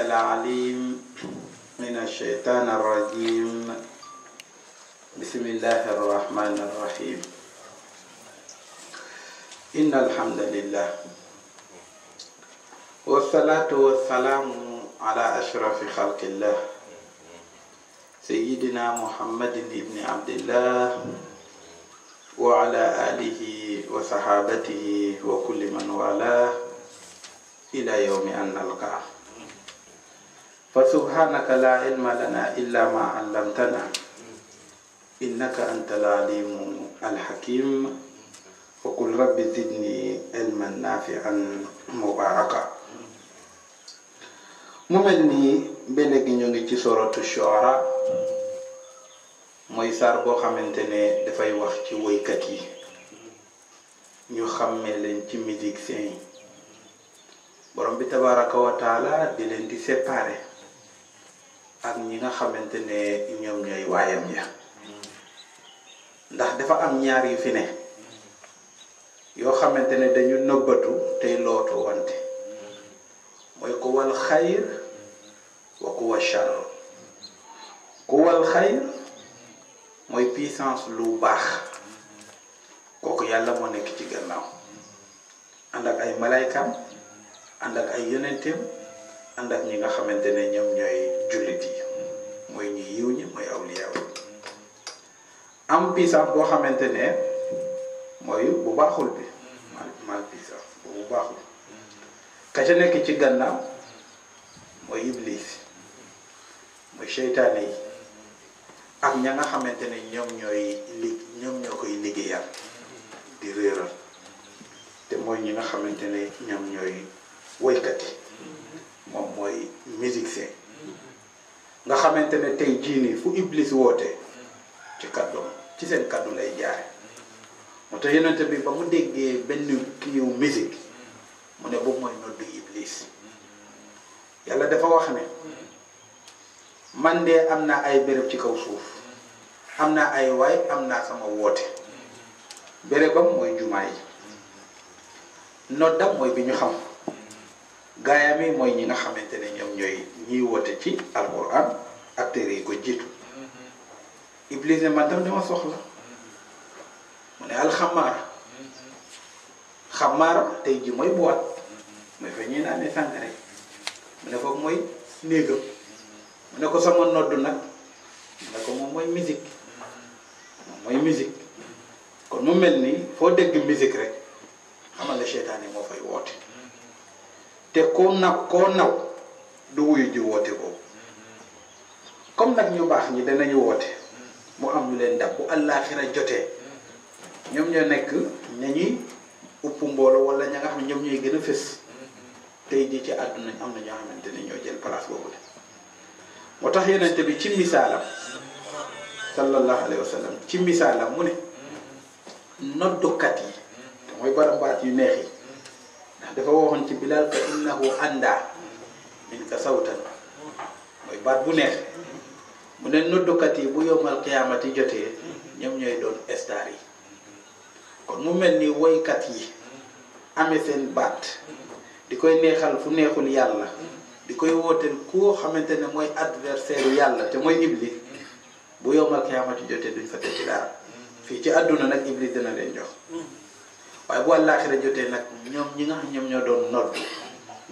العليم من الشيطان الرجيم بسم الله الرحمن الرحيم إن الحمد لله والصلاة والسلام على أشرف خلق الله سيدنا محمد بن عبد الله وعلى آله وصحابته وكل من والاه إلى يوم أن نلقاه فسبحانك لا علم لنا إلا ما علمتنا إنك أنت العليم الحكيم فقل رب زدني علما نافعا مباركا مملني بلغ نيوغي تي سوره الشعراء موي سار بو خامتني دا فاي واخ تي وي كاتي ñu xamé leen ci musique sain borom ak ñi nga xamante ne ñoom ñooy waayam ya ndax dafa am ñaar yu fi ne yoo xamante ne dañu nëbbatu tey lootu wante mooy ku xayr wa ku wa xayr mooy puissance lu baax kooku yàlla moo nekk ci gannaaw ànd ak ay malaykaam ànd ak ay yonenteem ànd ak ñi nga xamante ne ñoom ñooy jullit yi mooy ñi yiw ñi mooy awliyaaw am piisaaf boo xamante ne mooy bu baaxul bi mal mal piisaaf bu baaxul ka ca nekk ci gannaaw mooy iblis mooy seytaane yi ak ña nga xamante ne ñoom ñooy li ñoo koy di réeral te mooy ñi nga xamante ne ñoom ñooy woykat yi moom mooy musique see nga xamante ne tey jii nii fu Iblis woote ci kàddoom ci seen kàddu lay jaare moo tax yonent bi ba mu déggee benn kiiw musique mu ne boobu mooy noddu Iblis yàlla dafa wax ne man de am na ay béréb ci kaw suuf am na ay waay am naa sama woote bérébam mooy jumaa yi noddam mooy bi ñu xam gaayaam yi mooy ñi nga xamante ne ñoom ñooy ñiy woote ci alquran ak yi ko jiitu mm-hmm. iblis ne man tam dama soxla mu ne alxamaara mm-hmm. xamaara tey ji mooy boîte mm-hmm. mooy fa ñuy naanee sàngara mu ne foofu mooy néegam mu ne ko sama nodd nag mu ne ko moom mooy musique moom mooy musique kon mu mel nii foo dégg musique rek xamal la seytaane moo fay woote te koo naw koo naw du wuyu ji woote boobu comme nag ñu baax ñi danañu woote mu am ñu leen dab bu àllaaxira jotee ñoom ñoo nekk ña ñuy upp mbooloo wala ña nga xam ñoom ñooy gën a fës tey jii ci àdduna am na ñoo xamante ne ñoo jël place boobu de moo tax yonent bi ci misaalam sallallahu alayhi wa ci misaalam mu ne noddukat yi te mooy barambaat yu neex yi dafa waxoon ci bilal fa innahu anda min ka sawtan mooy baat bu neex mu ne noddukat yi bu yombal xiyaamati jotee ñoom ñooy doon star yi kon mu mel ni woykat yi ame seen baat di koy neexal fu neexul yàlla di koy wooteel koo xamante ne mooy adversaire yàlla te mooy iblis bu yombal xiyaamati jotee duñ fa tekki dara fii ci àdduna nag iblis dina leen jox waaye bu àllaaxira jotee nag ñoom ñi nga ñoom ñoo doon nodd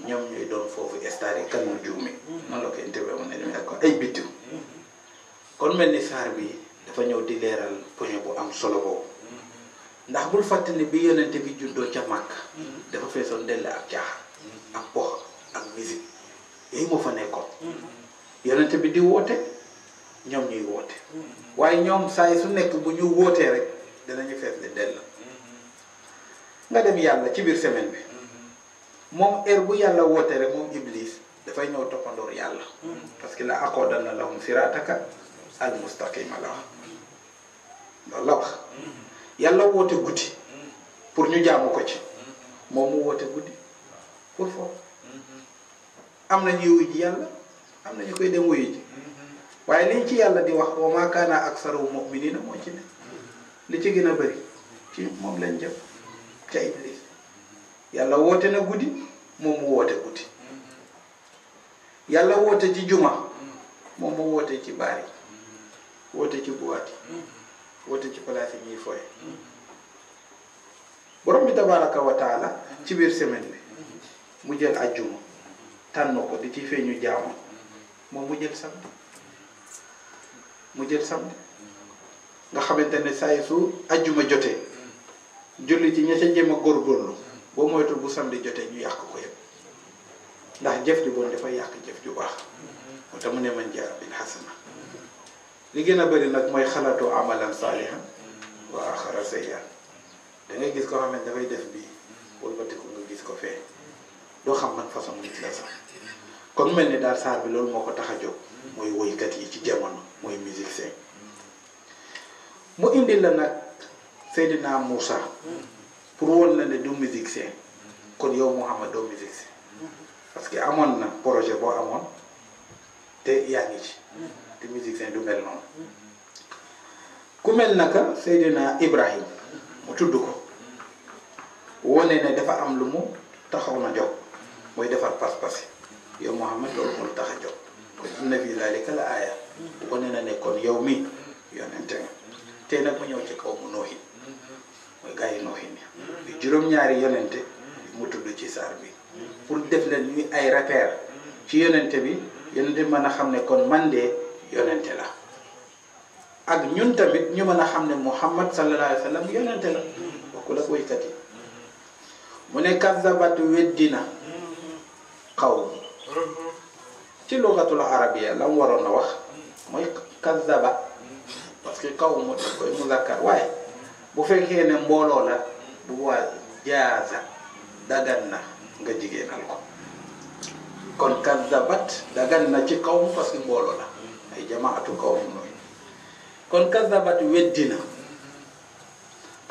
ñoom ñuy doon foofu stade yi kan mu juumi mm-hmm. noonu la ko interview mën nañu ko ay biddiw mm-hmm. kon mel ni saar bi dafa ñëw di leeral point bu am solo boobu mm-hmm. ndax bul fàtte ne bi yonente bi juddoo ca màkk dafa feesoon dell ak caaxaan ak pox ak musique yooyu moo fa nekkoon yonente bi di woote ñoom ñuy woote waaye ñoom saa yi su nekk bu ñu wootee rek danañu fees ne dell nga dem yàlla ci biir semaine bi mm-hmm. moom heure bu yàlla woote rek moom iblis dafay ñëw toppandoor yàlla mm-hmm. parce que la aqoodan na lahum sirataka al mustaqima la wax loolu la wax mm-hmm. yàlla woote guddi pour ñu jaamu ko ci moom mu woote guddi pour foofu am na ñuy wuy ji yàlla am koy dem liñ ci yàlla di wax wa maa kaana aksaru mu'minina moo ci ne li ci gën a bëri ci moom lañ jëm te iblis yàlla woote na guddi moom mu woote guddi yàlla woote ci juma moom mu woote ci baar yi woote ci buwaat yi woote ci place ñuy fooye borom bi tabaraka wa taala ci biir semaine bi mu jël ajjuma tànn ko di ci feeñu jaamu moom mu jël samedi mu jël samedi nga xamante ne saa su ajjuma jotee julli ci ña ca jëm a góorgóorlu boo moytu bu samedi jotee ñu yàq ko yëpp ndax jëf ju bon dafay yàq jëf ju baax moo tax mu ne man jaar bin xasana li gën a bëri nag mooy xalaatoo amalan saalihan wa axara sayyan da ngay gis koo xam ne dafay def bii wëlbatiku nga gis ko fee doo xam man façon nit la sax kon mel ni daal saar bi loolu moo ko tax a jóg mooy woykat yi ci jamono mooy musique sen mu indi la nag Seydina Moussa pour woon la ne du musicien kon yow mu doo musicien que amoon na projet boo amoon te yaa ngi ci te musicien du mel noonu ku mel naka Seydina Ibrahim mu tudd ko wone ne dafa am lu mu taxaw na jóg mooy defar pas-pas yi yow Mouhamad loolu moo tax a jóg kon inna fii zaalika la aaya wone na ne kon yow mi yonente nga tey nag mu ñëw ci kaw mu nooxi mooy gaa yi nooxin bi juróom-ñaari yonente mu tudd ci saar bi pour def leen ñuy ay repère ci yonente bi yonente mën a xam ne kon man de yonente la ak ñun tamit ñu mën a xam ne muhammad sallallahu alayhi wa sallam yonente la bokkul ak waykat yi mu ne kazabatu weddina xaw ci lugatul arabia la mu waroon a wax mooy kazaba parce que kaw mu daf koy muzakkar waaye bu fekkee ne mbooloo la bu waa jaaza dagan na nga jigéenal ko kon kazabat dagan na ci kaw parce que mbooloo la ay jamaatu kawmu nuuhin kon kazabat weddi na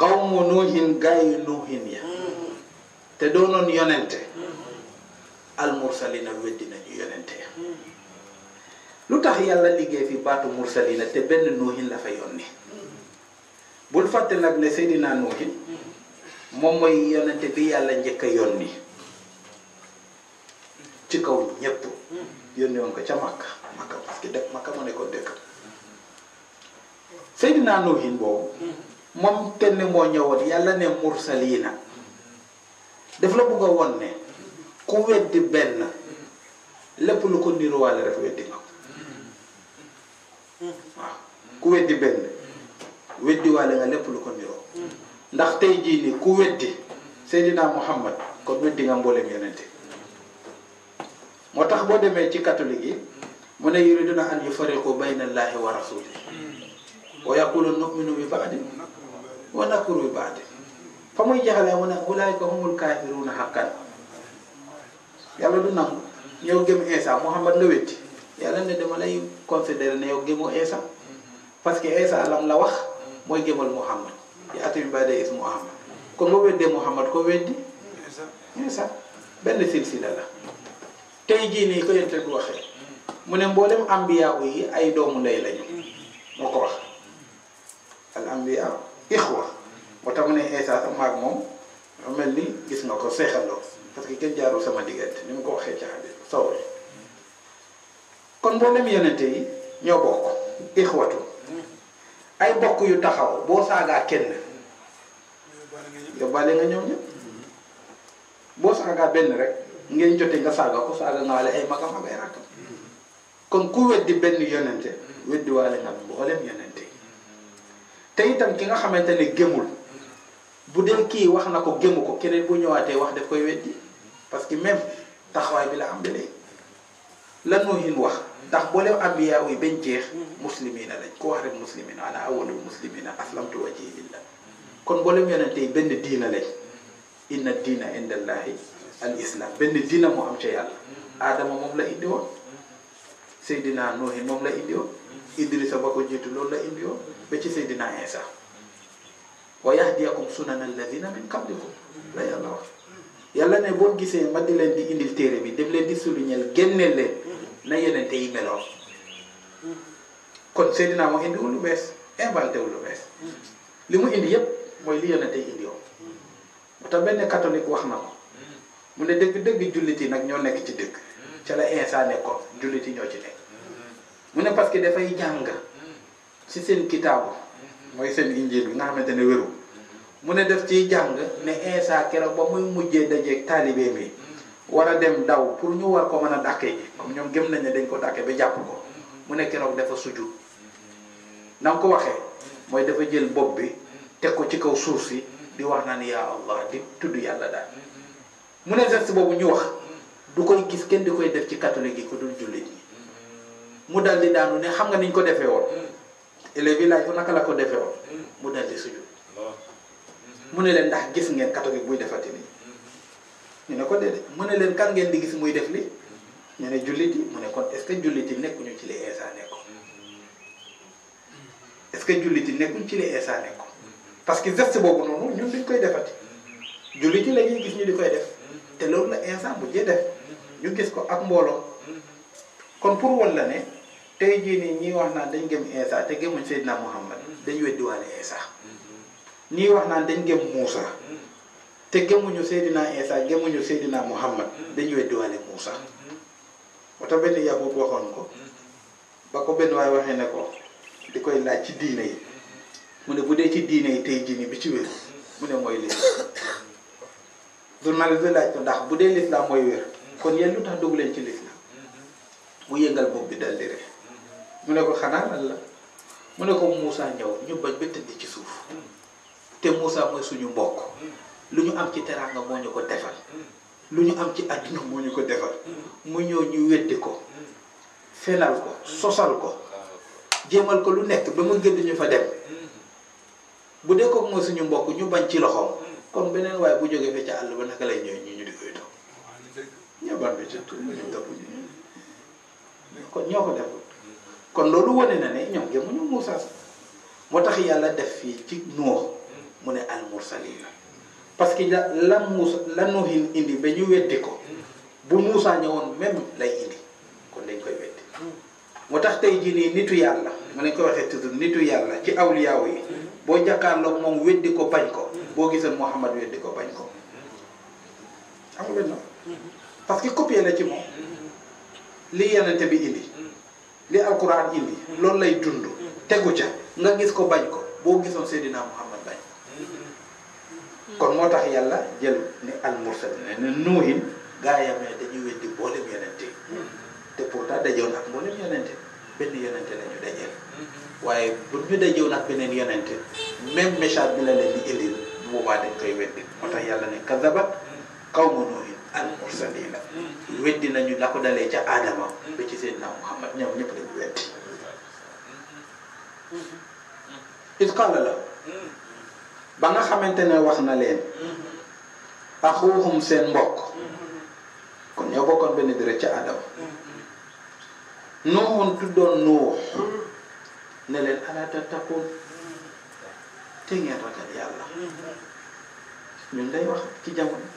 kawmu nuuhin gaayu nuuhin ya te doonoon yonente al mursalina weddi nañu yonente ya lu tax yàlla liggéey fi baatu mursalina te benn nuuhin la fa yónni bul fàtte nag ne Seydina Nuuhi moom mooy yonente bi yàlla njëkk yoon yónni ci kaw ñépp yónni woon ko ca Makka Makka parce que dëkk Makka mu nekkoon dëkk Seydina Nuuhi boobu moom kenn moo ñëwoon yàlla ne mursaliina daf la bëgg a won ne ku weddi benn lépp lu ko niruwaale rek weddi nga ko waaw ku weddi benn weddiwaale nga lépp lu ko niroo ndax tey jii nii ku weddi Seydina Muhammad kon weddi nga mboolem yonente moo tax boo demee ci katolik yi mu ne yuriduna an yufariqu bayna allahi wa rasuli wa yaqulu numinu bi baadi wa nakuru bi baadi fa muy jeexalee mu ne ulaayka humul kaafiruuna xaqan yàlla du nangu ñëw gëm Isa Muhammad la wetti yàlla ne dama lay considéré ne yow gëmoo Isa parce que Isa lam la wax mooy gëmal Muhammad yaati bi ba'da ismu Ahmad kon boo weddee Muhammad ko weddi ñun sax benn silsila la tey jii nii ko yente du waxee mu ne mboolem ambiya yi ay doomu ndey lañu moo ko wax al ambiya ixwa moo tax mu ne Isa sama ak moom dafa mel ni gis nga ko seexaloo parce que kenn jaarul sama diggante ni mu ko waxee caabi sawri kon mboolem yonente yi ñoo bokk ixwatu ay mbokk yu taxaw boo saagaa kenn yóbbaale nga ñëw ñëpp boo saagaa benn rek ngeen jotee nga saaga ko saaga nga waale ay magam ak ay rakkam kon ku weddi benn yonente weddi waale nga mboolem yonente te itam ki nga xamante ne gémul bu dee kii wax na ko gému ko keneen bu ñëwaatee wax daf koy weddi parce que même taxawaay bi la am ba léegi lan moo hin wax ndax bo mboolem ambiya yi bañ jeex muslimina lañ ko wax rek muslimina ana awalul muslimina aslamtu wajhi lillah kon mboolem yonente yi benn diina lañ inna diina indallahi al islam benn diina moo am ca yàlla adama moom la indi woon sayidina Nuuhi moom la indi woon Idrissa ba ko jiitu loolu la indi woon ba ci sayidina Insa wa yahdiyakum sunana alladina min qablikum la yàlla wax yàlla ne boo gisee ma di leen di indil téere bi dem leen di soulignel génneel leen na yonente yi meloon kon Seydina moo indiwul lu bees inventé lu bees li mu indi yëpp mooy li yonente yi indi woon ba benn catholique wax na ko mu ne dëgg dëgg jullit yi nag ñoo nekk ci dëgg ca la Insa nekkoon jullit yi ñoo ci nekk mu ne parce que dafay jàng si seen kitaabu mooy seen injiil bi nga xamante ne wéru mu ne def ci jàng ne Insa keroog ba muy mujjee dajeeg taalibe mi war a dem daw pour ñu war ko mën a dàkkee ji comme ñoom gëm nañ ne dañ ko dàkkee ba jàpp ko mu ne keroog dafa sujud na nga ko waxee mooy dafa jël bopp bi teg ko ci kaw suuf si di wax naan yaa allah di tudd yàlla daal mu ne geste boobu ñu wax du koy gis kenn di koy def ci catholique yi ko dul jullit ñi mu dal di daanu ne xam nga niñ ko defee woon élèves yi laaj ko naka la ko defee woon mu dal di sujud mu ne leen ndax gis ngeen catholique buy defati nii ñu ne ko déedéet mu ne leen kan ngeen di gis muy def li ñu ne jullit yi mu ne kon est-ce que jullit yi nekkuñu ci li Isa nekkoon ce que jullit yi nekkuñ ci li Isa nekkoon parce que geste boobu noonu ñun duñ koy defati jullit yi la ñuy gis ñu di koy def te loolu la Isa bu jee def ñu gis ko ak mbooloo kon pour wan la ne tey jii nii ñii wax naan dañ gëm Isa te gëmuñ Seydina Muhammad dañ weddiwaale Isa ñii wax naan dañ gëm Muusa te gëmuñu Seydina Isa gëmuñu Seydina Muhammad dañu weddiwaale Muusa wata mm-hmm. benn yahut waxoon ko mm-hmm. ba ko benn waay waxee ne ko di koy laaj ci diine yi mm-hmm. mu ne bu dee ci diine yi tey jii bi ci wér mu ne mooy lislaam journaliste laaj ko ndax bu dee lislaam mooy wér kon yéen lu tax dugg leen ci lislaam mu yëngal bopp bi dal di rek mu ne ko xanaa lan la mu ne ko Muusa ñëw ñu bañ ba tëdd ci suuf te Muusa mooy suñu mbokk lu ñu am ci teraanga moo ñu ko defal mm. lu ñu am ci àdduna moo ñu ko defal mm. mu ñëw ñu weddi ko mm. fenal ko sosal ko jéemal ko lu nekk ba mu gëdd ñu fa dem bu dee ko mooy suñu mbokk ñu bañ ci loxoom kon beneen waaye bu jógee ca àll ba naka lay ñu ñu di koy toog ñëwaat bi ca kon loolu wane na ne ñoom gëmuñu Moussa moo tax yàlla def fii ci nuux mu ne al mursalina parce que la la Muusa la Nuhin indi ba ñu weddi ko bu Muusa ñëwoon même lay indi kon dañ koy weddi moo tax tey jii nii nitu yàlla mu nañ koy waxee toujours nitu yàlla ci awliyaaw yi boo jàkkaarloog moom weddi ko bañ ko boo gisoon Muhammad weddi ko bañ ko xam nga benn parce que copier la ci moom li yenente bi indi li alquran indi loolu lay dund tegu ca nga gis ko bañ ko boo gisoon Seydina Muhammad kon moo tax yàlla jël ni al mursal ne nuuhin gaa yamee dañuy weddi mboolem yonente hmm. te pourtant dajewoon ak mboolem yonente benn yonente la dajeel hmm. waaye bu ñu dajewoon ak beneen yonente même message bi la leen di indil bu boobaa dañ koy weddi moo tax yàlla ne kazabat qawmu nuuhin al mursalina hmm. weddi nañu la ko dalee ca aadama ba ci Seydina Muhammad ñoom ñëpp dañu weddi iz qaala lahu ba nga xamante ne wax na leen axuuxum seen mbokk kon ñoo bokkoon benn deret ca Adam nuuxun tuddoon nuux ne leen ala tattaquun te ngeen ragal yàlla ñun day wax ci jamono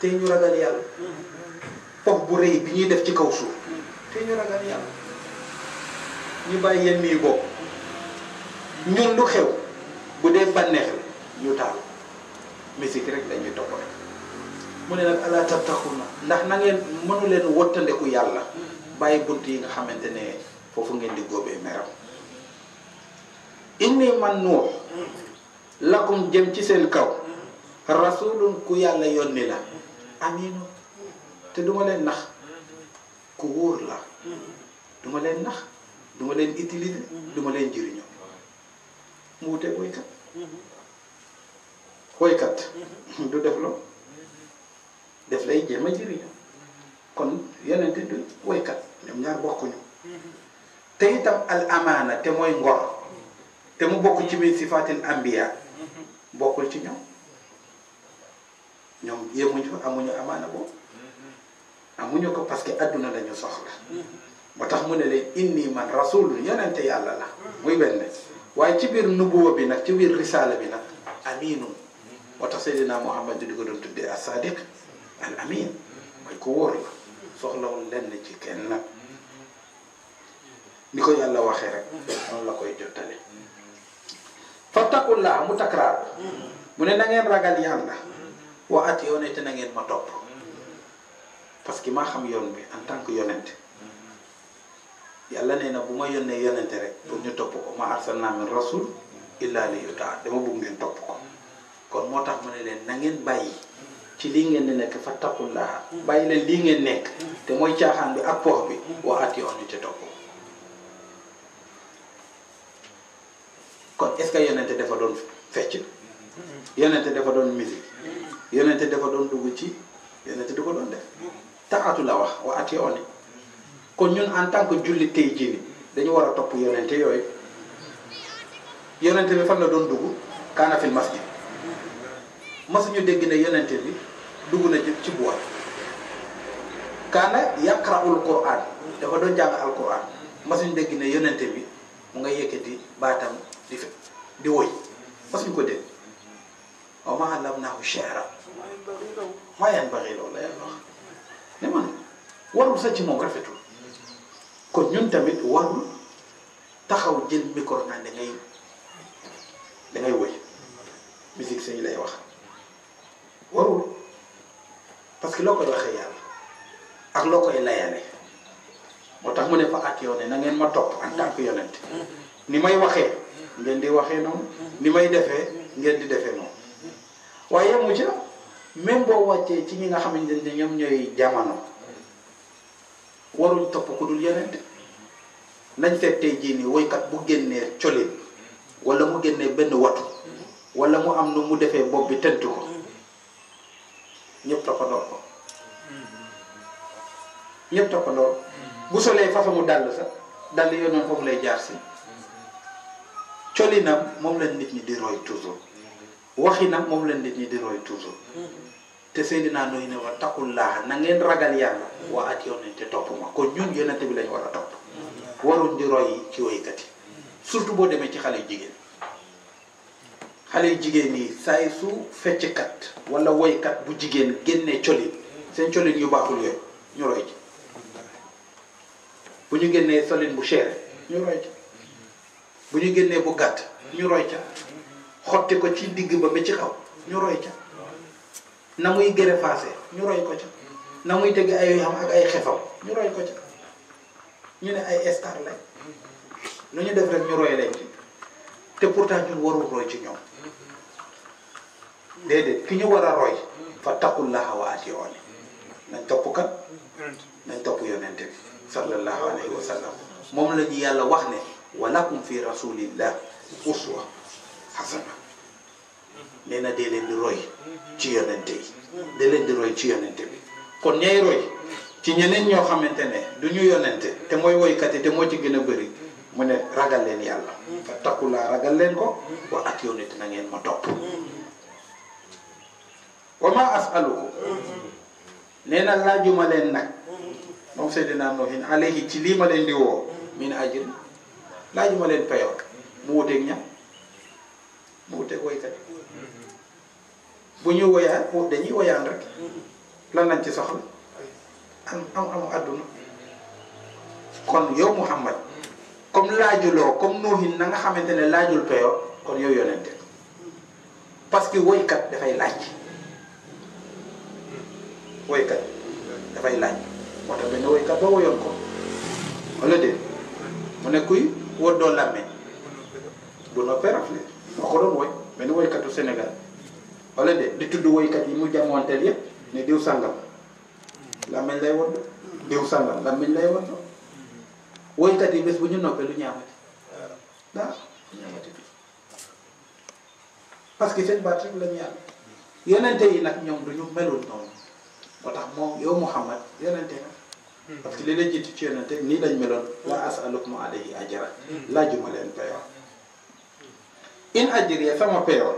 te ñu ragal yàlla pox bu rëy bi ñuy def ci kaw suuf te ñu ragal yàlla ñu bàyyi yéen mii bokk ñun lu xew bu dee bànneex la ñu taal musique rek dañuy topp rek mu ne nag ala tattaxuna ndax na ngeen leen wottandeku yàlla bàyyi bunt yi nga xamante ne foofu ngeen di góobee meram inni man nuux lakum jëm ci seen kaw rasulun ku yàlla yónni la aminu te duma leen nax ku wóor la duma leen nax duma leen utiliser duma leen jëriñoo mu wutee boykat woykat du def loolu def lay jéem a jëriñu kon yeneen du woykat ñoom ñaar bokkuñu te itam al amaana te mooy ngor te mu bokk ci min sifaatil ambiya bokkul ci ñoom ñoom yéemuñu amuñu amaana boobu amuñu ko parce que adduna lañu soxla moo tax mu ne leen inni man rasulul yonente yàlla la muy benn waaye ci biir nubuwa bi nag ci biir risaala bi nag aminu moo tax Seydina Muhammad di ko doon tuddee as-sadiq al amin mooy ko wóor la soxlawul lenn ci kenn nag ni ko yàlla waxee rek noonu la koy jottale fattaqullaa mu takraar mu ne na ngeen ragal yàlla wa at yoonente na ngeen ma topp parce que maa xam yoon bi en tant que yonent yàlla nee na bu ma yónnee yonente rek pour ñu topp ko ma arsalnaa min rasul illaa li yutaa dama bëgg ngeen topp ko kon moo tax ma ne leen na ngeen bàyyi ci lii ngeen di nekk fattaqullaha bàyyi leen lii ngeen nekk te mooy caaxaan bi ak poox bi waxaat yoon ñu ci topp kon est-ce que yonente dafa doon fecc yonente dafa doon musique yonente dafa doon dugg ci yonente du ko doon def taatu la wax waxaat yoon kon ñun en tant que jullit tey jii dañu war a topp yonente yooyu yonente bi fan la doon dugg kaana fil masjid masuñu dégg ne yonente bi dugg na ci bois kaana yaqra'ul qur'an dafa doon jàng al qur'an masuñu dégg ne yonente bi mu nga yëkkati baatam di fi di woy masuñu ko dégg wa maa allamnaahu shi'ra maa warul sax ci moom rafetul kon ñun tamit warul taxaw jën micro naan dangay ngay da ngay woy lay wax warul parce que loo koy waxee yàlla ak loo koy layale moo tax mu ne fa ak yoone na ngeen ma topp en tànk que yonent ni may waxee ngeen di waxee noonu ni may defee ngeen di defee noonu waaye mu ca même boo wàccee ci ñi nga xamante ne ñoom ñooy jamono waruñ topp ku dul yonent nañ fekk tey jii nii woykat bu génnee colin wala mu génnee benn watu wala mu am nu mu defee bopp bi tënt ko ñëpp toppandoor ko ñëpp toppandoor bu solee fafa mu dàll sax dàll yoon noonu foofu lay jaar si colinam moom lañ nit ñi di roy toujours waxinam moom lañ nit ñi di roy toujours te naa Nuh ne wa taqullaaha na ngeen ragal yàlla waa at yonent te topp ma kon ñun yonent bi lañ war a topp waruñ di roy ci woykat yi surtout boo demee ci xale yu jigéen xale yu jigéen yi saay su fecckat wala woykat bu jigéen génnee colin seen colin yu baaxul yooyu ñu roy ci bu ñu génnee solin bu cher ñu roy ca bu ñu génnee bu gàtt ñu roy ca xotti ko ci digg ba ba ci xaw ñu roy ca na muy gën a faase ñu roy ko ca na muy dëgg ay xam ak ay xefam ñu roy ko ca ñu ne ay star lañ lu ñu def rek ñu roy leen ci te pourtant ñun warul roy ci ñoom déedéet ki ñu war a roy fa taqullaha wa atiuni nañ topp kan nañ topp yonente bi sallallahu alayhi wa sallam moom la ñu yàlla wax ne walakum fi rasulillah uswa hasana nee na dee leen di roy ci yonente yi dee leen di roy ci yonente bi kon ñay roy ci ñeneen ñoo xamante ne du ñu yonente te mooy woykat yi te moo ci gën a bëri mu ne ragal leen yàlla fa takku laa ragal leen ko wa at yonente na ngeen ma topp wa ma asaluhu nee laajuma leen nag moom Seydina Nuhin alayhi ci lii ma leen di woo min ajir laajuma leen payoor mu wuteeg ñam bu wuteeg woykat bu ñu woyaa dañuy woyaan rek lan lañ ci soxla am am amu àdduna kon yow Muhammad comme laajuloo comme noohin na nga xamante ne laajul peyoo kon yow yonente parce que woykat dafay laaj woykat dafay laaj moo tax benn woykat ba woyoon ko wala mu ne kuy wóor doo làmmee bu noppee rafle moo ko doon woy benn woykatu Sénégal de di tudd woykat yi mu jamonteel yëpp ne diw sàngam làmmiñ lay wodd diw sàngam làmmiñ lay wodd woykat yi bes bu ñu noppee lu ñaamati daa ñaamati bi parce que seen baat rek la ñu yàlla yonente yi nag ñoom du ñu melul noonu moo tax moom yow Muhammad yonente na parce que li la jiitu ci yonente nii lañ meloon laa asalukum alayhi ajra laajuma leen payoon in ajriya sama peewa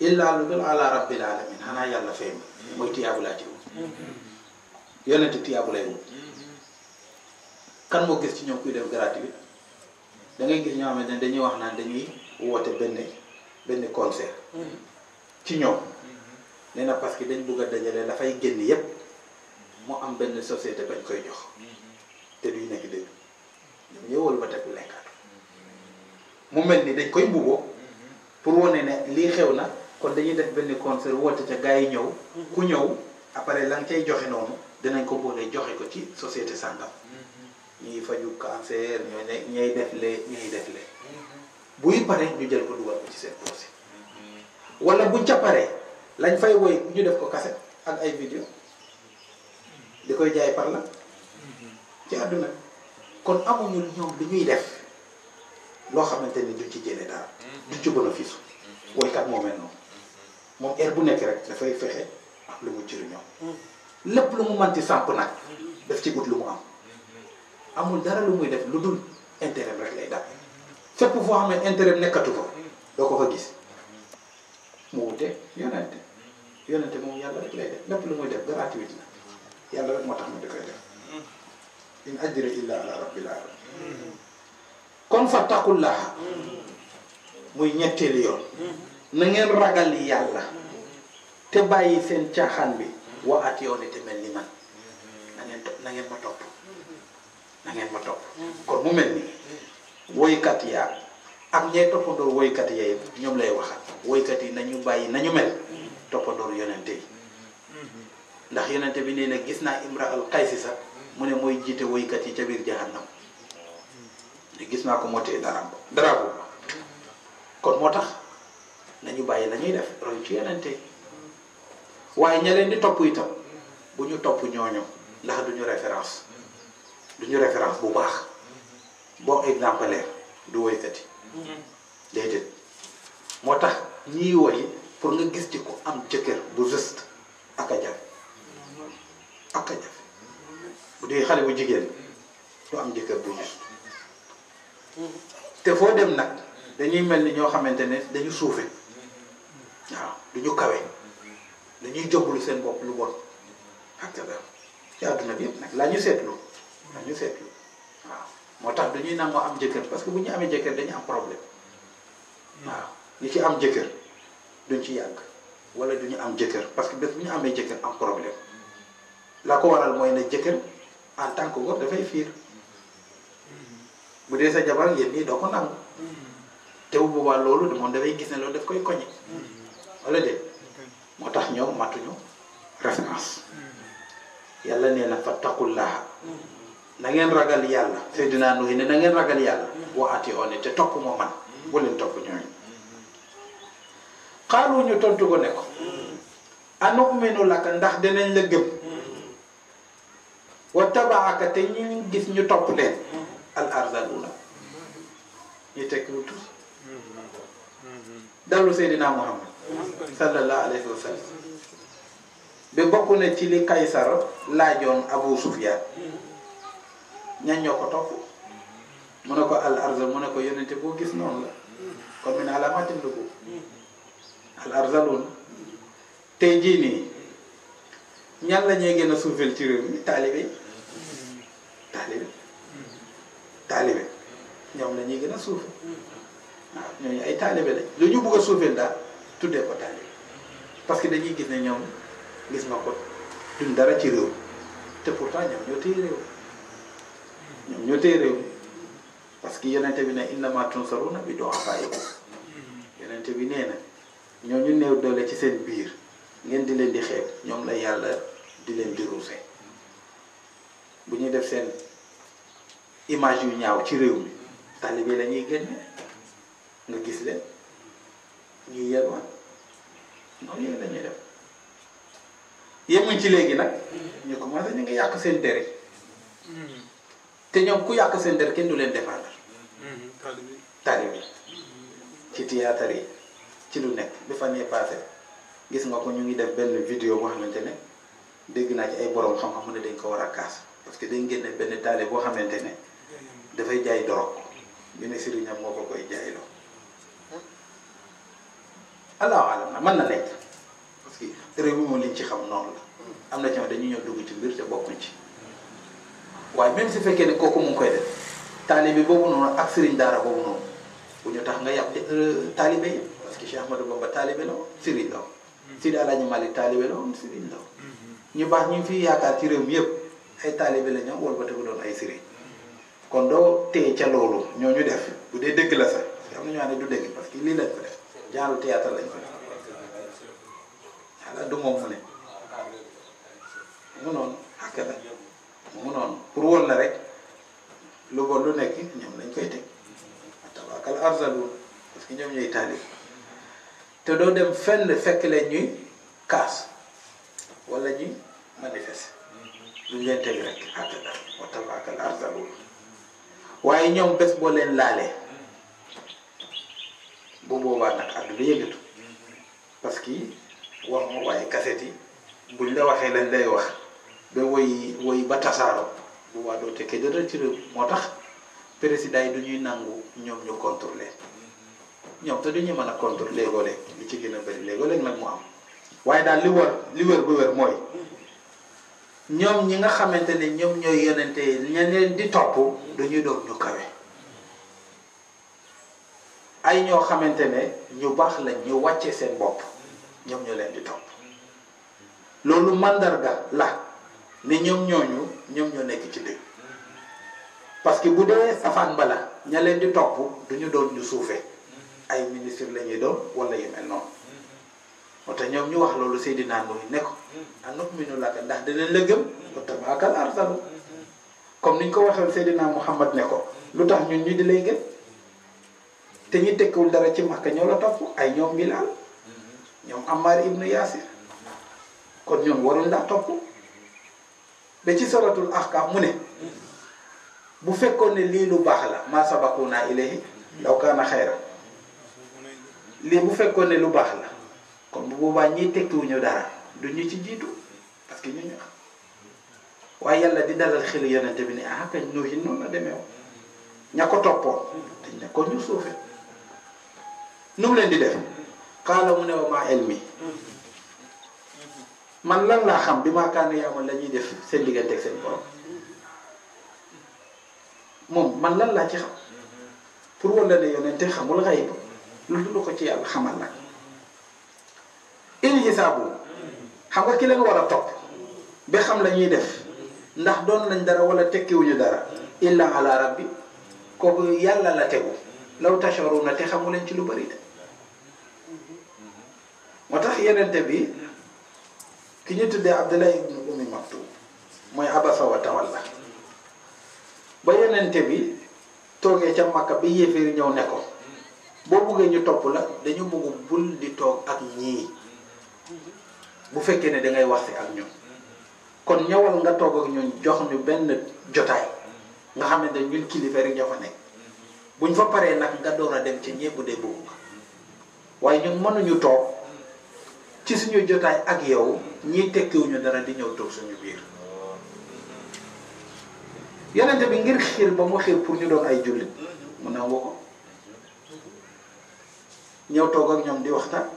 illaa lu dul ala rabbil alamin xanaa yàlla fay mooy tiyaabu laa ci wut yonente tiyaabu kan moo gis ci ñoom kuy def gratuit da ngay gis ñoo xamante ne dañuy wax naan dañuy woote benn benn concert ci ñoom nee na parce que dañ bugg a dajale dafay génn yépp mu am benn société bañ koy jox te duy nekk dëgg ñoom ñëwal ba tegu lekkaat mu mel ni dañ koy mbuboo pour wane ne lii xew na kon dañuy def benn concert woote ca gars yi ñëw ku ñëw après lañ cay joxe noonu dinañ ko boole joxe ko ci société sàngam mm-hmm. ñuy faju cancer ñooy ne ñay def lee ñay def lee buy pare ñu jël ko mm-hmm. buñ ca paree lañ fay woy ñu def ko kaset ak ay vidéo di koy jaay par la mm-hmm. ci àdduna kon amuñu ñoom li ñuy def loo xamante ni duñ ci jëlee dara du ci bénéfice woykat moo mel noonu moom heure bu nekkee rek dafay fexe am lu mu jëriñoo lépp lu mu mën ci samp nag def ci ut lu mu am amul dara lu muy def lu dul intérêt rek lay dal fépp foo xam ne intérêt nekkatu ko doo ko fa gis mu wute yonente yonente moom yàlla rek lay def lépp lu muy def gratuit la yàlla rek moo tax ma di koy def in ajri illa ala rabbil alamin kon fattaqullaha muy ñetteelu yoon na ngeen ragal yàlla te bàyyi seen caaxaan bi wa at ni te mel ni man na ma topp na ma topp kon mu mel nii woykat yaa ak ñee toppandoor woykat yaa ñoom lay waxal woykat yi nañu bàyyi nañu mel toppandoor yonente yi ndax yonente bi nee gis naa imra al qaysi sax mu ne mooy jiite woykat yi ca biir jahannam gis naa ko moo téye dara daraabu kon moo tax nañu bàyyi la def roy ci yenente waaye ña leen di topp itam bu ñu topp ñooñu ndax duñu référence ñu référence bu baax boo exemplaire du woykati déedéet moo tax ñiy woy pour nga gis ci ko am jëkkër bu juste ak a jafe ak a jafe bu dee xale bu jigéen du am jëkkër bu juste te foo dem nag dañuy mel ni ñoo xamante ne dañu suufe waaw du ñu kawe dañuy joblu seen bopp lu bon ak ci àdduna bi yëpp nag laa ñu seetlu laa ñu seetlu waaw moo tax du ñuy nangoo am jëkkër parce que bu ñu amee jëkkër dañu am problème waaw ñi ci am jëkkër duñ ci yàgg wala du ñu am jëkkër parce que bés bu ñu amee jëkkër am problème la ko waral mooy na jëkkër en tant que góor dafay fiir bu dee sa jabar yéen ñii doo ko te bu boobaa loolu moom dafay gis ne loolu daf koy koñe wala de moo tax ñoom matuñu référence yàlla nee na fattaqullaha na ngeen ragal yàlla Seydina Nuh ne na ngeen ragal yàlla wa ati one te topp ma man bu leen topp ñooñu xaalu ñu tontu ko ne ko anu'minu laka ndax dinañ la gëm wa tabaaka te ñu gis ñu topp leen al arzaluna ñu teg lu tur mm-hmm. dallu Seydina Muhammad sallallahu alayhi wa sallam ba bokk na ci li Kaysar laajoon Abu Sufyaan ñañ ñoo ko topp mu ne ko al arzal mu ne gis noonu jii nii ñan la ñuy gën a suufeel ci réew mi taalibe taalibe taalibe ñoom la ñuy gën a suufe waaw ñooñu ay taalibe lañ lu ñu bugg a suufeel daal tuddee ko taalibe parce que dañuy gis ne ñoom gis nga ko duñ dara ci réew te pourtant ñoom ñoo téye réew parce que yonente bi ne innama tunsaruuna bi du'afaa'ikum yonente bi nee na ñooñu néew doole ci seen biir ngeen di leen di xeeb ñoom la yàlla di leen di ruuse bu ñuy def seen image yu ñaaw ci réew mi talibé la ñuy génne nga gis leen ñuy yelwaan noonu yéen lañuy def yemuñ ci léegi nag ñu commencé ñu ngi yàq seen der te ñoom ku yàq seen der kenn du leen défendre talibé ci théâtre yi ci lu nekk bi fan yee passé gis nga ko ñu ngi def benn vidéo boo xamante ne dégg naa ay borom xam-xam ne dañ ko war a kaas parce que dañ génne benn taale boo xamante ne dafay jaay dorog ñu ne sëriñam moo ko koy jaayloo allahu alam na mën na nekk parce que réew mi moom liñ ci xam noonu la am na ci dañu ñëw dugg ci mbir te bokkuñ ci waaye même su fekkee ne kooku mu ngi koy def taalibe boobu noonu ak sëriñ daara boobu ñu tax nga yàpp euh, taalibe yi parce que Cheikh Ahmadou Bamba taalibe la woon sëriñ la woon Sidi Alaaji Malik taalibe la mhm. ñu baax ñu ngi fi yaakaar ci réew mi yëpp ay taalibe la ñoom wala ba tegu doon ay sëriñ kon doo téye ca loolu ñoo ñu def bu dee dëgg la sax am na ñoo xam du dëgg parce que lii lañ ko def jaaru théâtre lañ ko def du moom mu ne mu noonu xàkk la noonu pour woon la rek lu bon lu nekk ñoom lañ koy teg tabaakal arsalu parce que ñoom ñooy taalif te doo dem fenn fekk leen kaas waaye ñoom bes boo leen laalee bu boobaa nag àdduna yëngatu parce que wax ma waaye kaset yi buñ la waxee lañ lay wax ba woy woy ba tasaaroo bu boobaa doo tekkee dara ci réew moo tax président yi du ñuy nangu ñoom ñu contrôler ñoom te du ñu mën a contrôler léegoo li ci gën a bëri léegoo léeg nag mu am waaye daal li wër li wër bu wër mooy. ñoom ñi nga xamante ne ñoom ñooy yonente leen di topp dañuy doon ñu kawe ay ñoo xamante ne ñu baax lañ ñu wàcce seen bopp ñoom ñoo leen di topp loolu màndarga la ne ñoom ñooñu ñoom ñoo nekk ci dëgg parce que bu dee safaan bala ña leen di topp du ñu doon ñu suufee ay ministre la ñuy doon wala yu noonu moo tax ñoom ñu wax loolu Seydina Nuh ne ko anu'minu ah, laka ndax dinañ la gëm wa tabaakal arsalu comme niñ ko waxee Seydina Muhammad ne ko lu tax ñun ñu di lay gëm te ñi tekkiwul dara ci Makka ñoo la topp ay ñoom Bilaal ñoom Ammar ibnu Yaasir kon ñoom waruñ laa topp da ci soratul ahkaaf mu ne bu fekkoon ne lii lu baax la maa sabaqunaa ilayhi law kaana xayra lii bu fekkoon ne lu baax la kon bu boobaa ñiy tekkiwuñu dara du ñu ci jiitu parce que ñu ñu xam waaye yàlla di dalal xelu yonente bi nii ah kañ nuuhi noonu la demee woon ña ko toppoon dañ ne ñu suufe nu mu leen di def xaala mu ne wa maa elmi man lan laa xam bi ma kaanu yaamal la ñuy def seen diggante ak seen borom moom man lan laa ci xam pour wala ne yonente xamul xayib lu dul ko ci yàlla xamal nag in xisaabu xam nga ki leen war a topp ba xam la ñuy def ndax doon nañ dara wala tekkiwuñu dara illa ala rabbi kooku yàlla la tegu law tasharuna te xamu leen ci lu bëri moo tax yenente bi ki ñu tuddee Abdullah ibnu Ummi Maktum mooy abasa wa tawalla ba yenente bi toogee ca Makka bi yéeféeri ñëw ne ko boo buggee ñu topp la dañu bëgg bul di toog ak ñii bu fekkee ne dangay wax si ak ñoom kon ñëwal nga toog ak ñun jox ñu benn jotaay nga xam ne dañ kilifa rek ñoo fa nekk buñ fa paree nag nga door a dem ci ñëpp de boobu nga waaye ñun mënuñu toog ci suñu jotaay ak yow ñii tekkiwuñu dara di ñëw toog suñu biir. yonente bi ngir xiir ba mu xiir pour ñu doom ay jullit mu nangu ko ñëw toog ak ñoom di waxtaan.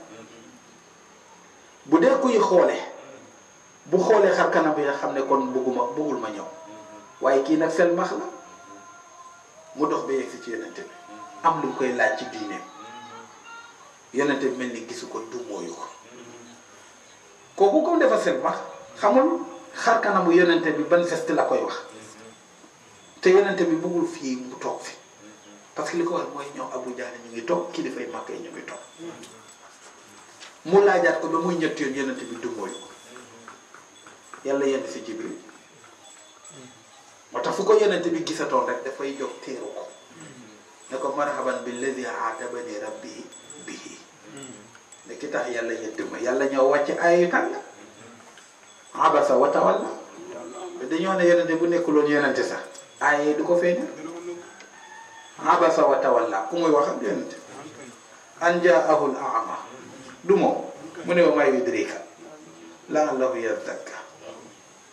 bu dee kuy xoole bu xoolee xar kanam bi nga xam ne kon bugguma bugul ma ñëw waaye kii nag seen max la mu dox ba yegg ci yonente bi am lu mu koy laaj ci diineem yonente bi mel ni gisu ko du mooyu ko kooku comme dafa seen max xamul xar kanamu yonente bi ban fest la koy wax te yonente bi bugul fii mu toog fi parce que li ko wax mooy ñoom Abu Jahl ñu ngi toog kilifay Makka ñu ngi toog mu laajaat ko ba mu ñett yoon yonent bi du mooy yàlla si jibril moo tax fu ko yonent bi gisatoon rek dafay jóg teeru ko ne ko marhaban bi lazi atabani rabbi bihi ne tax yàlla yent ma yàlla ñoo wàcc ay tàng abasa wa tawalla dañoo ne yonent bu nekkuloon yonent sax ay du ko feeñal abasa wa tawalla ku muy waxam yonent an jaahul aama du moom mu ne wa maa yudrika la'allahu yazakka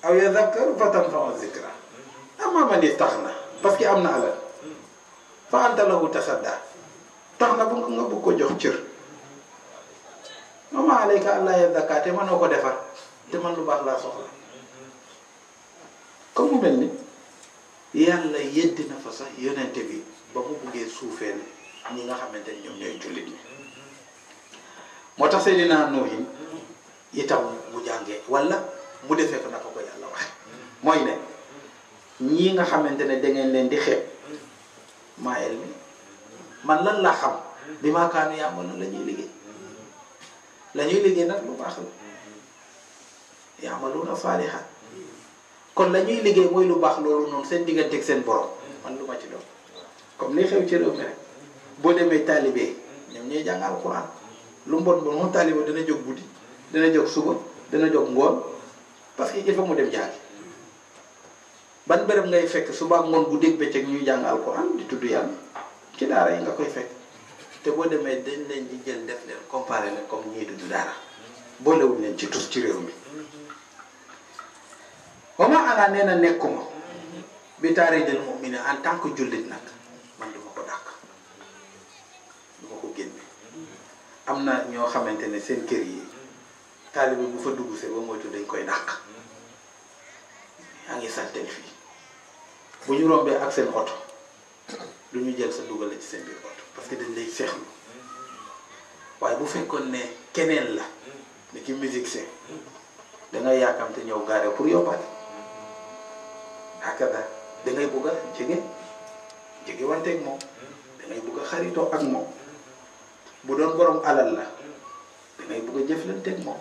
aw yazakkaru fa tanfa'u zikra amma man istaghna parce que am na alal fa anta lahu tasadda tax na bu nga bëgg ko jox cër wa maa alayka allaa yazakka te mënoo ko defar te man lu baax laa soxla comme mu mel yàlla yeddi na fa sax yonente bi ba mu buggee suufeel ñi nga xamante ne ñoom ñooy jullit ñi moo tax Seydina Nuuhin itam mu jànge wala mu defee ko naka ko yàlla waxe mooy ne ñii nga xamante ne da ngeen leen di xeeb maa elmi man lan laa xam bi maa kaanu ya'maluun la ñuy liggéey la ñuy liggéey nag lu baax ñuy liggéey mooy lu baax loolu noonu seen digganteeg seen borom man lu ma ci doon comme li xew ci réew mi rek boo demee taalibe ñoom ñooy jàng alquran lu mbon mbon moom taaliba jóg guddi dana jóg suba dana jóg ngoon parce que il faut mu dem jàng ban béréb ngay fekk suba ak ngoon guddi ak bëccëg ñuy jàng alxuraan di tudd yàlla ci daara yi nga koy fekk te boo demee dañ leen di jël def leen comparé leen comme ñii du daara boolewul leen ci tus ci réew mi ba ma ana nee na nekkuma bi taari del mu'mina en tant que jullit nag am na ñoo xamante ne seen kër yi taalibe bu fa dugg see ba moytu dañ koy dàq yaa ngi saltel fii bu ñu rombee ak seen oto du ñu jël sa dugal ci seen biir oto parce que dañ lay seexlu waaye bu fekkoon ne keneen la ni ki musique see da yàkkamte ñëw gaare pour yóbbaale akada da ngay bugg a jege jege wanteeg moom da ngay bugg a xaritoo ak moom. bu doon boroom alal la dangay bëgg a jëflanteeg moom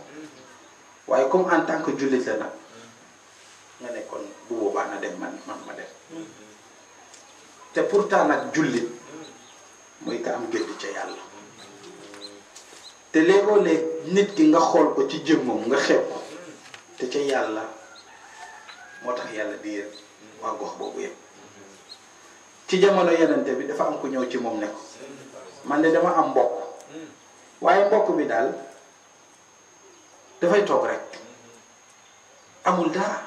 waaye comme en tant que jullit la nag nga ne kon bu dem man man ma dem te pourtant nag jullit mooy ka am gëdd ca yàlla te léegoo léeg nit ki nga xool ko ci jëmmam nga xeeb ko te ca yàlla moo tax yàlla di yéen waa gox boobu yëpp ci jamono yenente bi dafa am ku ñëw ci moom ne ko man de dama am mbokk waaye mbokk bi daal dafay toog rek amul dara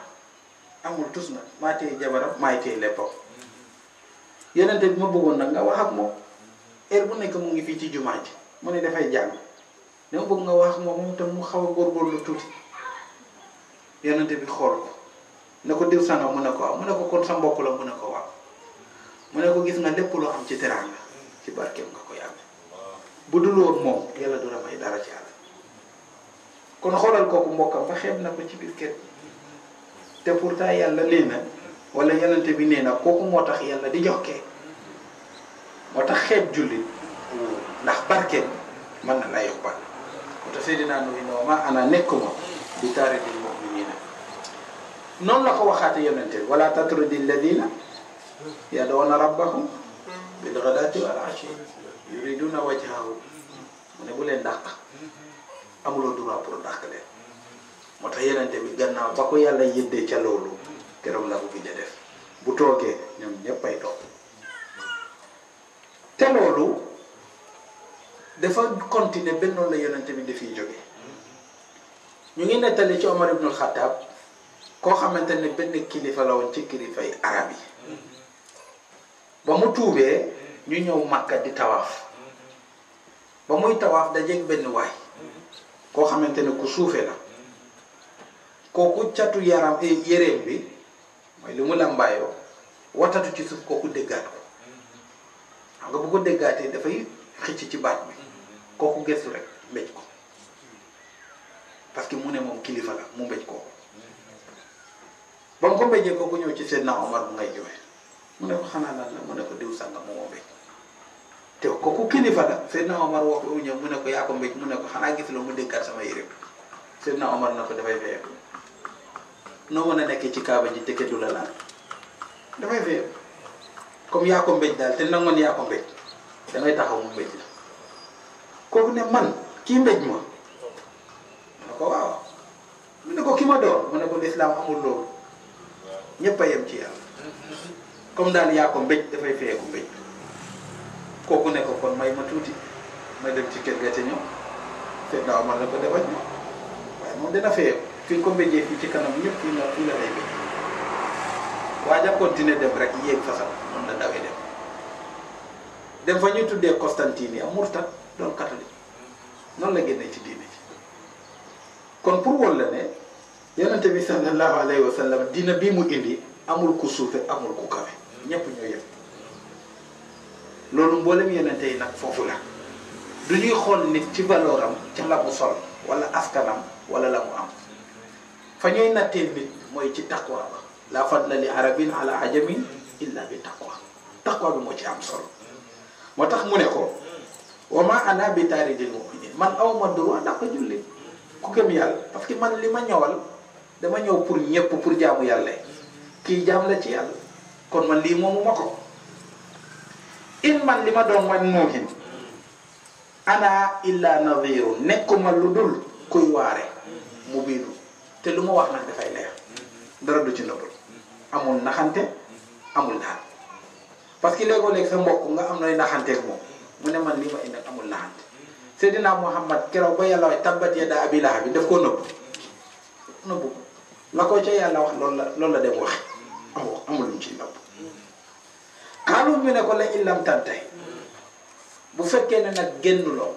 amul tus nag maa téye jabaram maay téye léppam yenente bi ma bëggoon nag nga wax ak moom heure bu nekk mu ngi fii ci jumaa ji mu ne dafay jàng dama bëgg nga wax moom moom tam mu xaw a góorgóorlu tuuti yenente bi xool ko ne ko diw sanga mu ne ko waaw mu ne ko kon sa mbokk la mu ne ko waaw mu ne ko gis nga lépp loo am ci teraanga ci barkeem nga ko yàlla bu dul woon moom yàlla du la may dara ci àll kon xoolal kooku mbokka ba xeeb na ko ci biir kër te pourtant yàlla lii na wala yonente bi nee na kooku moo tax yàlla di jokkee moo tax xeet jullit ndax barke mën na la yóbbal moo tax Seydina Nuh ne ma ana nekkuma di taaribil mu'minina noonu la ko waxaate yonente bi wala tatrudi alladina yad'una rabbahum bil ghadati wal ashi yuriduna wajhahu mu ne bu leen dàq amuloo droit pour dàq leen moo tax yenente bi gannaaw ba ko yàlla yëddee ca loolu keroog la ko gëj a def bu toogee ñoom ñëpp ay toog te loolu dafa continuer benn noonu la yenente bi dafiy jóge ñu ngi nettali ci Omar ibnul Xattaab koo xamante ne benn kilifa la woon ci kilifa yi arab yi ba mu tuubee ñu ñëw Makka di tawaaf ba muy tawaaf dajeeg benn waay koo xamante ne ku suufe la kooku catu yaram eh, yéréem bi mooy li mu làmbaayoo watatu ci suuf kooku déggaat ko xam nga bu ko déggaatee dafay xëcc ci baat bi kooku gëstu rek mbéj ko parce que mu ne moom kilifa la mu mbéj kooku ba mu ko mbéjee kooku ñëw ci seen na Omar bu ngay joxe mu ne ko xanaa lan la mu ne ko diw sànga moo mbéj te kooku kilifa la Seydina Omar wax ba mu ñëw mu ne ko yaa ko mbéj mu ne ko xanaa gis la mu dëkkaat sama yére bi Seydina Omar na ko dafay feyeeku ci kaaba ji te comme yaa ko mbéj daal te nangoon yaa taxaw mu mbéj la man kii mbéj ma mu ne ko waaw mu ne ko ki ma doon mu ne ko lislaam amul loolu ñëpp a yem ci yàlla comme daal yaa ko mbéj dafay feyeeku mbéj kooku ne ko kon may ma tuuti may dem ci kër ga ca ñëw fekk naa man na ko defal ñu waaye moom dina fee fi ko mbéjee fii ci kanam ñëpp fii la fii la lay béj rek yéeg fasal mën na dawee dem am murtad doon catholique noonu la génnee ci diine ci kon pour wol la ne yonente bi sallallahu alayhi wa dina bi mu indi amul ku suufe amul ku kawe ñëpp ñoo yem loolu mboolem yonente yi nag foofu la du ñuy xool nit ci valeur am ci la mu sol wala askanam wala la mu am fa ñuy nattee nit mooy ci taqwa ba la fadla li arabin ala ajamin illa bi taqwa taqwa bi moo ci am solo moo tax mu ne ko wa ma ana bi taaridil muminin man awma droit ndax ko jullit ku gëm yàlla parce que man li ma ñëwal dama ñëw pour ñëpp pour jaamu yàlla kii jaam la ci yàlla kon man lii moomu ma ko in man li ma doon wan nuuhin ana illa nadiru nekkuma lu dul kuy waare mu biinu te lu ma wax nag dafay leer dara du ci nëbbal amul naxante amul naxal parce que léegoo-léeg sa mbokk nga am na naxanteek moom mu ne man lii ma indi amul naxante Seydina Muhammad keroog ba yàlla wax tabbat yadaa abii lahabin daf koo nëbb nëbb la ko ca yàlla wax loolu la loolu dem wax amul amul lu mu ciy xaalu bi ne ko la illam tante bu fekkee ne nag génn loo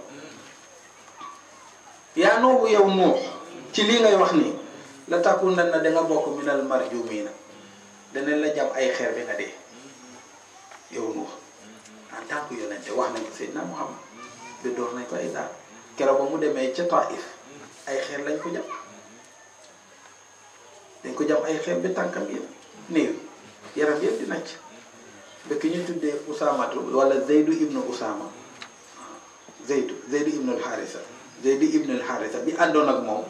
yaa noobu yow noo ci lii ngay wax nii la takku nan na danga bokk minal marjumiina danañ la jam ay xeer bi nga dee yow noo en tant yonente wax nañ ko mu xam bi door nañ ko ay daal keroog ba mu demee ca Taif ay xeer lañ ko jam dañ ko jam ay xeer bi tànkam yëpp néew yaram yëpp di nacc ba ki ñu tuddee Usaamatu wala Zeydu ibnu Usaama Zeydu Zeydu ibnu Alxaarisa Zeydu ibnu Alxaarisa bi àndoon ak moom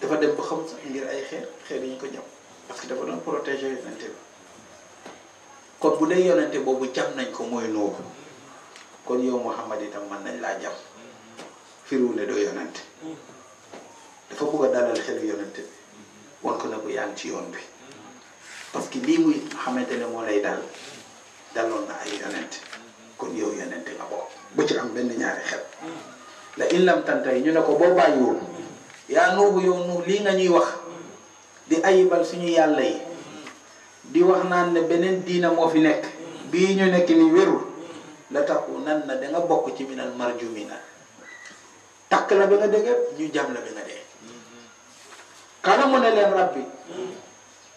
dafa dem ba xam sax ngir ay xeer xeer yi ñu ko jam parce que dafa doon protéger yonente kon bu dee yonente boobu jam nañ ko mooy noobu kon yow Muhammad itam mën nañ laa jam firiwul ne doo yonente dafa bëgg a dalal xelu yonente bi wan ko ne ko yaa ci yoon bi parce que lii muy xamante ne moo lay daal dalon na ay yonent kon yow yonent nga bok bu ci am benn ñaari xel la in lam tantay ñu ne ko bayu ya no bu yow nuub li nga ñuy wax di ayibal suñu yalla yi di wax naan ne benen diina mo fi nek bi ñu nek ni wëru la taxu nan na nga bok ci minal marjumina tak la bi nga dege ñu jam la bi nga de kala mo ne leen rabbi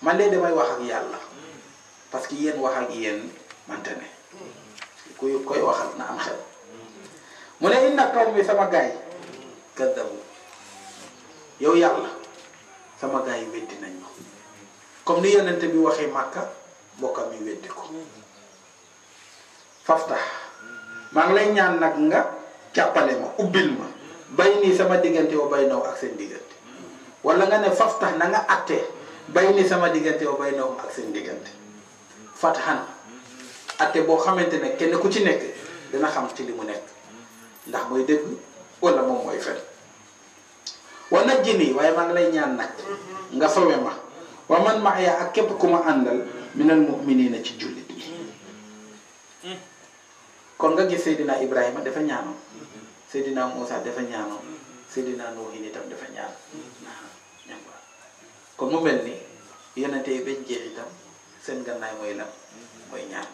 man de demay wax ak yalla parce que yeen wax ak yeen mante ne kuy koy waxal na am xel mu ne inna qawmi sama gaay kaddabu yow yàlla sama gaay yi weddi nañ ma comme ni yonente bi waxee màkka mbokkam mi weddi ko faftax maa ngi lay ñaan nag nga jàppale ma ubbil ma bay nii sama diggante wa bay naw ak seen diggante wala nga ne faftax na nga attee bay nii sama diggante wa bay naw ak seen diggante fatxan atte boo xamante ne kenn ku ci nekk dana xam ci li mu nekk ndax mooy dëgg wala moom mooy fen wa nag ji waaye maa lay ñaan nag nga fawe ma wa man ma yaa ak képp ku ma àndal minal mu'minina ci jullit bi kon nga gis Seydina Ibrahima dafa ñaanoon Seydina Moussa dafa ñaanoon Seydina Nuuhin itam dafa ñaan kon mu mel ni yonente yi bañ jeex itam seen gannaay mooy lan mooy ñaan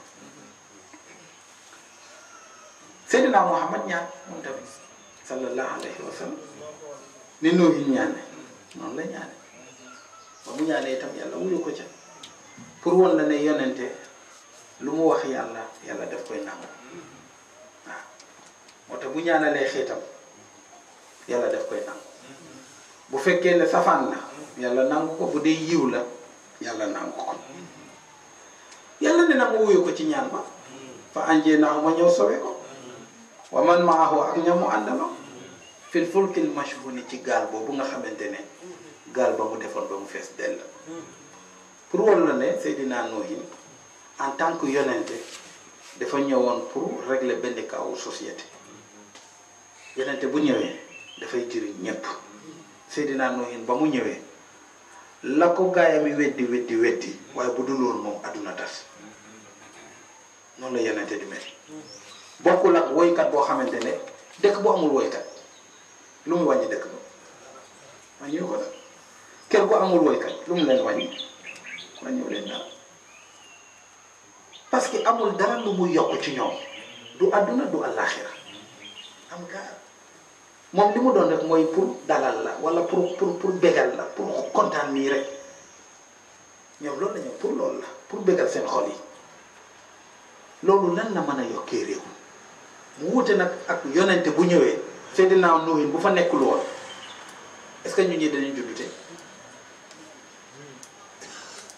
Seydina Muhammad ñaan moom tamit sallallahu alayhi wa ni noo yi ñaane noonu la ñaane ba mu ñaanee itam yàlla wuyu ko ca pour won la ne yonente lu mu wax yàlla yàlla daf koy nangu waaw moo tax bu yàlla daf koy bu fekkee ne safaan la yàlla nangu ko bu dee yiw la yàlla nangu ko yàlla ne na wuyu ko ci ñaan ba fa anjee naa ma ñëw sowe ko wa man maahu ak ñamu àndaloo fil fulkil mashhuni ci gaal boobu nga xamante ne gaal ba mu defoon ba mu fees dell pour woon la ne Seydina Nuhin en tant que yonente dafa ñëwoon pour régler benn kaawu société yonente bu ñëwee dafay jëriñ ñëpp Seydina Nuhin ba mu ñëwee la ko gaayam yi weddi weddi weddi waaye bu dul woon moom adduna tas noonu la yonente di mel bokkul ak woykat boo xamante ne dëkk boo amul woykat lu mu wàññi dëkk ba wàññiwu ko nag kër bu amul woykat lu mu leen wàññi wàññiwu leen daal parce que amul dara lu muy yokk ci ñoom du àdduna du àllaaxira am gaar moom li mu doon rek mooy pour dalal la wala pour pour pour bégal la pour kontaan nii rek ñoom loolu la ñoom pour loolu la pour bégal seen xol yi loolu lan la mën a yokkee réew bu wuute nag ak yonente bu ñëwee Seydina Nuuhin bu fa nekkul woon est-ce que ñu ñi keroo juddute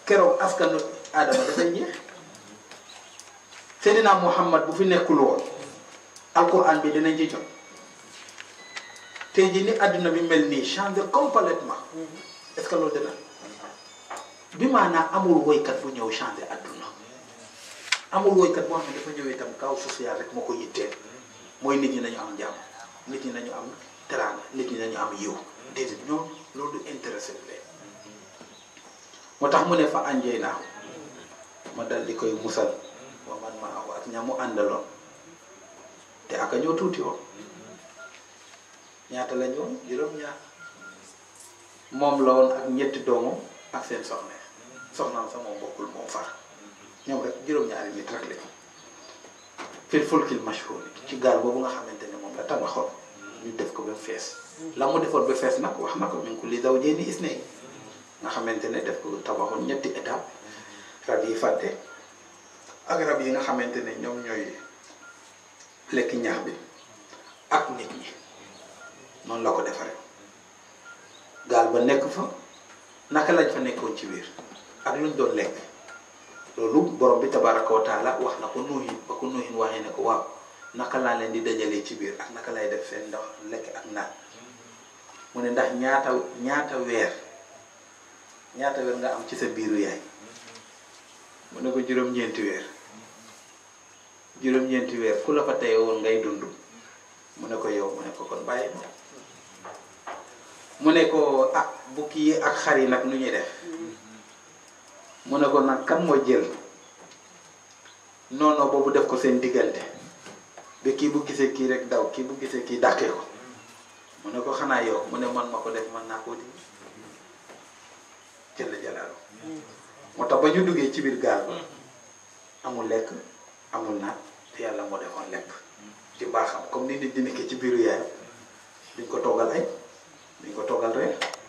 keroog askanu Adama dafay ñeex Seydina Muhammad bu fi nekkul woon alquran bi dinañ ci jot tey jii ni àdduna bi mel nii changer complètement est-ce que loolu dina bi maanaam amul woykat bu ñëw changer àdduna amul woykat boo xam ne dafa ñëwee itam kaw social rek moo ko yitteel mooy nit ñi nañu am jàmm nit ñi nañu am teraanga nit ñi nañu am yiw déedéet ñoom loolu du intéressé leen moo tax mu ne fa ànjee naa ma dal di koy musal ñamu àndaloon te ak a ñoo tuuti woon ñaata la ñoom juróom-ñaar moom la woon ak ñetti doomu ak seen soxna soxnaam sa moom far ñoom rek juróom-ñaari nit rek lañu fil fulkil mashhur ci gaal boobu nga xamante ne moom la tabaxoon ñu def ko ba fees la mu defoon ba fees nag wax na ko min kulli zawjayni isnayn nga xamante ne def ko tabaxoon ñetti étape rab yi fàtte ak rab yi nga xamante ne ñoom ñooy lekk ñax bi ak nit ñi noonu la ko defaree gaal ba nekk fa naka lañ fa nekkoon ci biir ak luñ doon lekk lolu borom bi tabaraka wa taala wax na ko nuuhin ba ko nuuhin waxe ne ko waaw naka la len di dajale ci bir ak naka lay def sen ndox lek ak na mu ne ndax ñaata ñaata wer ñaata wer nga am ci sa biru yaay mu ne ko juróom-ñeenti wer juróom-ñeenti wer ku fa tay won ngay dundu mu ko yow mu ko kon baye ko ah bu ki ak xari nak nu ñi def mu ne ko nag kan moo jël noonoo boobu def ko seen diggante ba kii bu gisee kii rek daw kii bu gisee kii dàqee ko mu ne ko xanaa yow mu ne man ma ko def man naa koo di jël jëlaalo moo tax ba ñu duggee ci biir gaal ba amul lekk amul naan yàlla moo defoon lekk ci baaxam comme ni nit di nekkee ci biiru yaay duñ ko toggal ay duñ ko toggal rek